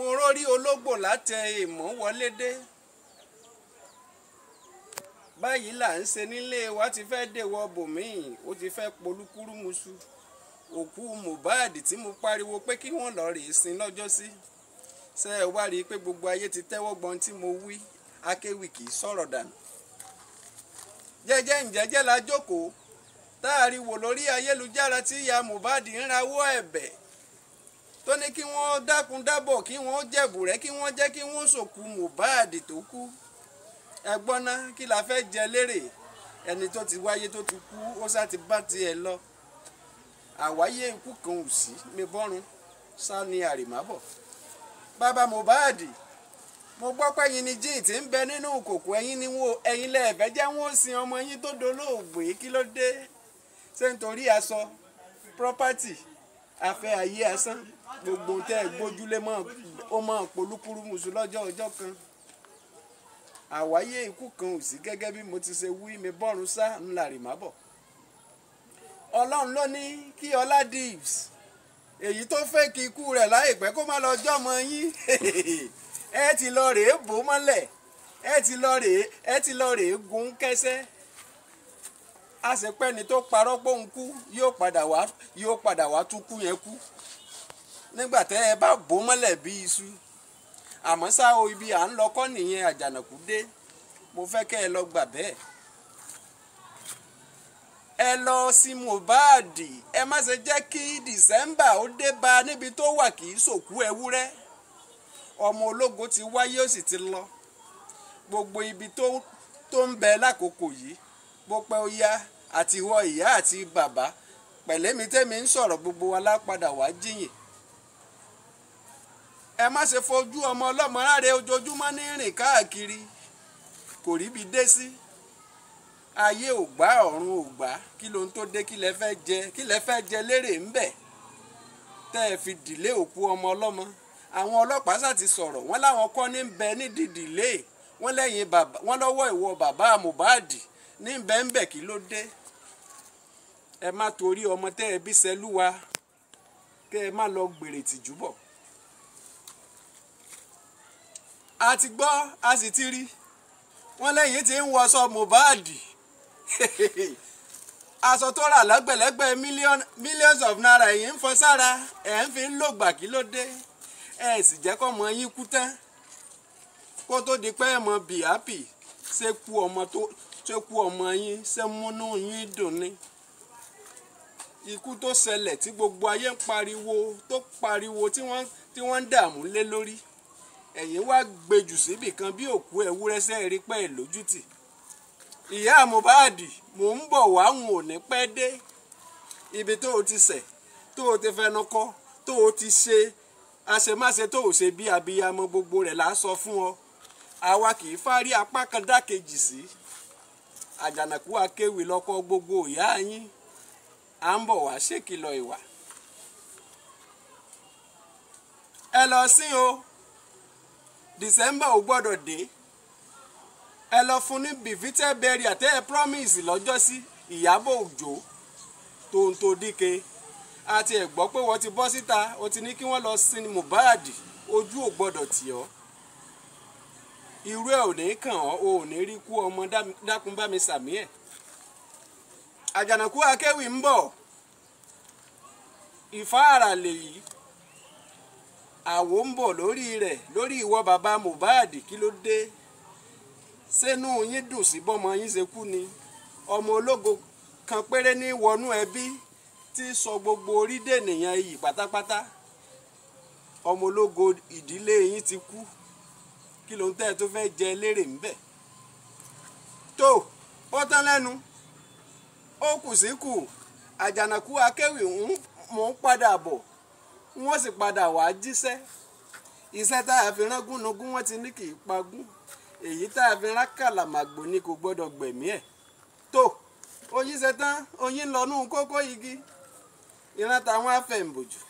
mo rórí ológbò látẹ èèmọ̀ wọlé dé báyìí là ń ṣe nílé wa ti fẹ́ dèwọ̀ bòmíì ó ti fẹ́ polúkúrúmuṣu òkú Mohbad tí mo pariwo pé kí wọ́n lọ rèé sin lọ́jọ́ sí ṣe ẹ wá rí i pé gbogbo ayé ti tẹ́wọ́ gbọ́n tí mo wí akéwì kì í sọ̀rọ̀ dànù jẹ́jẹ́ ǹjẹ́jẹ́ la jókòó táàrí wò lórí ayélujára tí ìyá Mohbad ń rawọ́ ẹ̀bẹ̀ tó ní kí wọ́n dákun dábọ̀ kí wọ́n jẹ̀bù rẹ̀ kí wọ́n jẹ́ kí wọ́n sòkú Mohbad tó kú ẹgbọ́n kí la fẹ́ jẹ lérè ẹni tó ti wáyé tó ti kú ó sá ti bá tiẹ̀ lọ àwáyé ikú kan ò sí mi bọ́run sá ni àrèmábọ̀ bàbá Mohbad mo gbọ́ pé ẹ̀yin ni jíì tí ń bẹ nínú kòkó ẹ̀yin ni wo ẹ̀yin lẹ́ẹ̀fẹ́ jẹ́ wọ́n sin ọmọ yín tó dolóògbé kí ló dé ṣé nítorí aṣọ property afẹ́ ayé asán gbogbo tẹ́ ẹ gbójúlé ó máa polúkúrú musu lọ́jọ́ ọjọ́ kan àwáyé ikú kan ò sí gẹ́gẹ́ bí mo ti ṣe wí mi bọ́run sá ńlá rì má bọ̀ ọlọ́run ló ní kí ọlá dibs èyí tó fẹ́ kí ikú rẹ̀ láìpẹ́ kó má lọ jọ́mọ yín ẹ ti lọ rèé bò mọ́lẹ̀ ẹ ti lọ rèé ẹ ti lọ rèé gun kẹsẹ́ a sì pẹ́ni tó parọ́ pé òun kú yóò padà wá yóò padà wá tún kú yẹn kú nígbà tẹ́ ẹ bá bò mọ́lẹ̀ bí iṣu àmọ́ ṣá o ibi à ń lọkọ́ nìyẹn àjànàkú dé mo fẹ́ kẹ́ ẹ lọ gbà bẹ́ẹ̀ ẹ lọ sí Mohbad ẹ má ṣe jẹ́ kí dìsẹ́mbà ó dé bá níbi tó wà kì í ṣòkú ewúrẹ́ ọmọ ológo ti wáyé ó sì ti lọ gbogbo ibi tó ń bẹ lákòókò yìí bó ó yá àti ìyá àti bàbá pẹ̀lẹ́mi tẹ́mi ń sọ̀rọ̀ gbogbo wa lápadà wá jíyìn ẹ má ṣe fojú ọmọ ọlọ́mọ ráre ojoojúmọ́ ní rìn káàkiri kò ríbi dé sí ayé ò gbà ọ̀run ò gbà kí ló ń tó dé kí lẹ fẹ́ jẹ kí lẹ fẹ́ jẹ lérè ń bẹ̀ tẹ́ ẹ fi dìlé òkú ọmọ ọlọ́mọ àwọn ọlọ́pàá sá ti sọ̀rọ̀ wọ́n láwọn kọ́ ní bẹ ní dìdìlé wọ́n lẹ́yìn bàbá wọ́n lọ́wọ́ ìwọ bàbá Mohbad ní bẹ́ńbẹ́ kí ló dé ẹ má torí ọmọ tẹ́ ẹ bí sẹ́lúwa kẹ́ ẹ má lọ gbèrè tìjú bọ̀. a ti gbọ́ a sì ti rí wọ́n lẹ́yìn tí ń wọṣọ Mohbad aṣọ tó rà lẹ́gbẹ̀lẹ́gbẹ̀ million millions of naira ẹ̀yin ń fọ sára ẹ̀ ń fi ń lògbà kí ló dé ẹ̀ sì jẹ́ kó ọmọ yín kú tán kó tó di pé ẹ̀ mọ happy ṣé kú ọmọ tó ṣé kú ọmọ yín ṣé múnú yín dùn ni ikú tó ṣẹlẹ̀ tí gbogbo ayé ń pariwo tó pariwo tí wọ́n ń dààmú lé lórí ẹ̀yin wá gbejù síbì kan bí òkú ewúrẹ́ sẹ́ẹ̀rí pẹ́ lójútì ìyá Mohbad mò ń bọ̀ wá ń ò ní pẹ́ dé ibi tó o ti ṣẹ̀ tó o ti fẹnu kọ́ tó o ti ṣe àṣemáṣe tó o ṣe bí abiyamọ gbogbo rẹ̀ là ń sọ fún ọ àwa kì í fárí apá kan dákejì sí àjànàkú akéwì lọ́kọ gbogbo ìyá yín à ń bọ̀ wá ṣèkìlọ̀ ìwà ẹ lọ sí o december ò gbọ́dọ̀ dé ẹ lọ fún ní bivite burial tẹ́ ẹ promise lọ́jọ́sí ìyábọ̀ òjò tòǹtò díke àti ẹ̀ gbọ́ pé wọ́n ti bọ́ síta ó ti ní kí wọ́n lọ sin Mohbad ojú ò gbọ́dọ̀ tì ọ́ irú ẹ̀ ò ní kàn ọ́ o ò ní rí kú ọmọ dákun bá mi sàmí ẹ̀ àjànàkú akéwì ń bọ̀ ìfáàrà lèyí àwo ń bọ̀ lórí rẹ̀ lórí ìwọ bàbá Mohbad kí ló dé sẹ́nu yín dùn sí bọ́mọ yín ṣe kú ni ọmọ ológo kan péré ní wọnú ẹbí ti sọ gbogbo orílẹ̀ ènìyàn iyì pátápátá ọmọ ológo ìdílé yín ti kú kí ló ń tẹ́ ẹ tó fẹ́ jẹ lérè ńbẹ̀ tó ó tán lẹ́nu ó kù sí kù àjànàkú akéwì ń mú padà bọ̀ wọ́n sì padà wá jíṣẹ́ iṣẹ́ tá a fi rán gúnugún wọ́n ti ní kì í pagún èyí tá a fi rán kàlàmàgbò ni kò gbọ́dọ̀ gbẹ̀mí ẹ̀ tó oyin ṣetán oyin lọ kókó igi ìran tàwọn afẹ́ǹbòjù